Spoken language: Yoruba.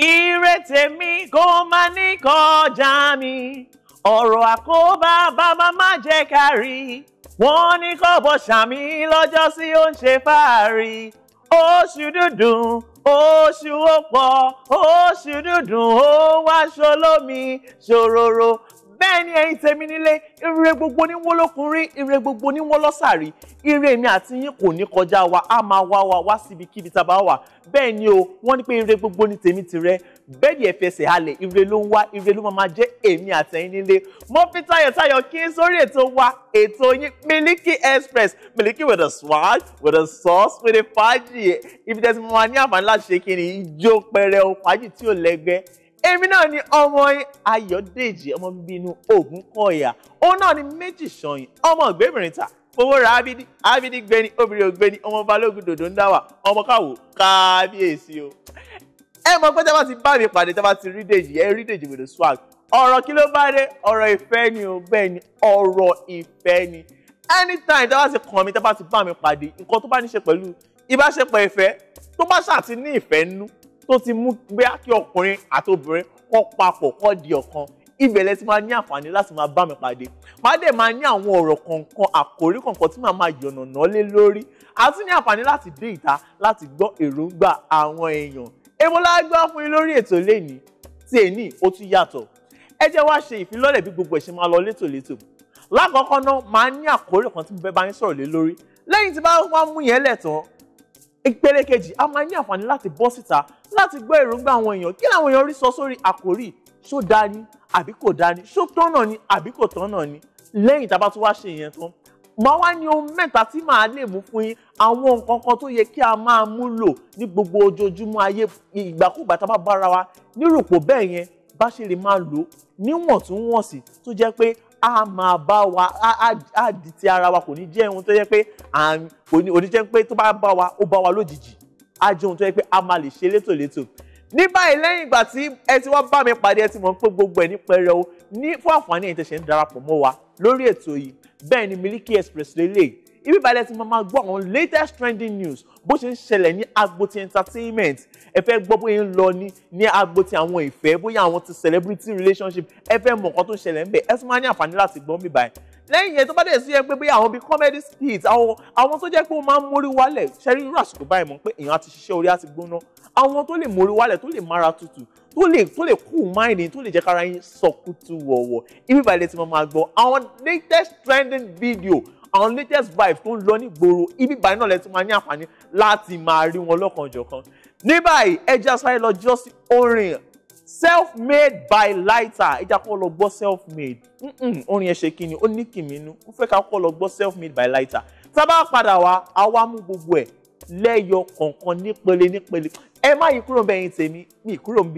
ire tèmi kó má ní kọjá mi ọ̀rọ̀ àkóbá bàbá má jẹ́ kárí wọ́n ní kọ́bọ̀ sàmí lọ́jọ́ sí ó ń ṣe fáàrí oṣù dúdùn oṣù ó pọ̀ oṣù dúdùn ó wá ṣolómi ṣòroro bẹ́ẹ̀ ni ẹ̀yin nílé ire gbogbo ní wọ́n ire gbogbo ní wọ́n ire mi àti yín kò ní kọjá wa a máa wá wa wá síbikíbi tá a wà bẹ́ẹ̀ ni o wọ́n ní pé ire gbogbo ní tèmi tirẹ̀ bẹ́ẹ̀ ni ẹ̀fẹsẹ̀ halẹ̀ ire ló ń wá ire ló máa jẹ́ èmi àtẹ̀yin nílé mo fi tayọ̀tayọ̀ kí n sórí ètò wa ètò yín Miliki Express Miliki with a swag with a sauce with a fàájì ibi tẹ́sí mo máa ní àǹfààní láti ṣe kí ni ijó pẹrẹ o fàájì tí ò lẹ́gbẹ́ èmi náà ni ọmọ yín Ayọ̀dèjì ọmọ bíbí inú Ògúnkọ̀yà òun náà ni méjì sọyìn ọmọ ìgbẹ́mìrin ta fowó ra abidi abidi gbẹni obìnrin ògbẹni ọmọ balógun dòdò ń dá wà ọmọ káwò kábíyèsí o ẹ mọ pé tábà ti bá mi pàdé tábà ti rí dèjì ẹ rí dèjì gbèdò swag ọ̀rọ̀ kí ló bá dé ọ̀rọ̀ ìfẹ́ ni o bẹ́ẹ̀ ni ọ̀rọ̀ ìfẹ́ ni anytime tábà ti kàn mí tábà ti bá mi pàdé nǹkan tó bá ní tó ti mú bí kí ọkùnrin àti obìnrin kọ́ papọ̀ kọ́ di ọ̀kan ibẹ̀ lẹ ti máa ní àǹfààní láti máa bá mi pàdé máa dẹ̀ máa ní àwọn ọ̀rọ̀ kọ̀ọ̀kan àkòrí kọ̀ọ̀kan tí màá máa yànnàná lé lórí a tún ní àǹfààní láti dé ìta láti gbọ́ èròǹgbà àwọn èèyàn èmo lágbá fún yín lórí ètò lẹ́ni tí èní ó tún yàtọ̀ ẹ jẹ́ wá ṣe ìfilọ́lẹ̀ bí gbogbo ẹ̀ ṣe máa lọ létòlétò lákọ̀ọ́kọ́ náà máa ní àkòrí kan tí mo fẹ́ bá yín sọ̀rọ̀ lé lórí lẹ́yìn tí bá wá mú yẹn lẹ̀ tán ìpele kejì a máa ní àǹfààní láti bọ́ síta láti gbọ́ èròǹgbà àwọn èèyàn kí làwọn èèyàn rí sọ sórí àkòrí ṣó dáa ni àbí kò dáa ni ṣó tọ́nà ni àbí kò tọ́nà ni lẹ́yìn tá a bá tún wá ṣe ìyẹn tán màá wá ní ohun mẹ́ta tí màá lè mú fún yín àwọn nǹkan kan tó yẹ kí a máa mú lò ní gbogbo ojoojúmọ́ ayé ìgbàkúgbà tá a bá bára wa nírùpò bẹ́ẹ̀ yẹn bá ṣe lè máa lò níwọ̀ntúnwọ̀nsì tó jẹ́ pé a máa bá wa á di ti ara wa kò ní jẹ́ ohun tó yẹ pé kò jẹ́ pé tó bá bá wa ó bá wa lójijì á jẹ́ ohun tó yẹ pé a máa lè ṣe létòlétò. ní báyìí lẹ́yìn ìgbà tí ẹ ti wá bá mi pàdé ẹ ti mọ̀ pé gbogbo ẹ̀ ní pẹrẹu ní fún àǹfààní ẹ̀yin tẹ̀sẹ̀ ń darapọ̀ mọ́ wa lórí ètò yìí bẹ́ẹ̀ ni Miliki Express lélẹ̀ ibi ìbàlẹ̀ tí mo máa gbọ́ àwọn latest trending news bó ṣe ń ṣẹlẹ̀ ní agbo ti entertainment ẹ fẹ́ gbọ́ bóyá ń lọ ní ní agbo ti àwọn ìfẹ́ bóyá àwọn ti celebrity relationship ẹ fẹ́ mọ̀ nǹkan tó ń ṣẹlẹ̀ ń bẹ̀ ẹ sì máa ní àǹfààní láti gbọ́ mi báyìí lẹ́yìn yẹn tó bá dẹ̀ sí yẹ pé bóyá àwọn bíi comedy skit àwọn àwọn tó jẹ́ pé wọ́n máa ń mórí wálẹ̀ ṣẹ́rí irú àsìkò báyìí mọ̀ pé èèyàn á ti ṣiṣẹ́ orí á ti gbóná àwọn tó lè mórí wálẹ̀ tó lè mára tutù tó lè tó lè cool mind yín tó lè jẹ́ kára yín sọkútù wọ̀wọ̀ ibi ìbàlẹ̀ tí mo máa gbọ́ àwọn latest trending video àwọn latest vibes tó ń lọ ní gbòòrò ibi báyìí náà lẹ ti máa ní àǹfààní láti máa rí wọn lọ́kànjọ̀kan ní báyìí ẹja sáré lọ jọ sí orin self made by lighter ẹja kọ́ lọ gbọ́ self made orin ẹ̀ ṣe kí ni ó ní kìmínú ó fẹ́ ká kọ́ lọ gbọ́ self made by lighter tábà padà wá àwa mú gbogbo ẹ̀ lẹ́yọ kọ̀ọ̀kan nípele nípele ẹ má yí kúrò bẹ́yìn tèmi mi kúrò bí.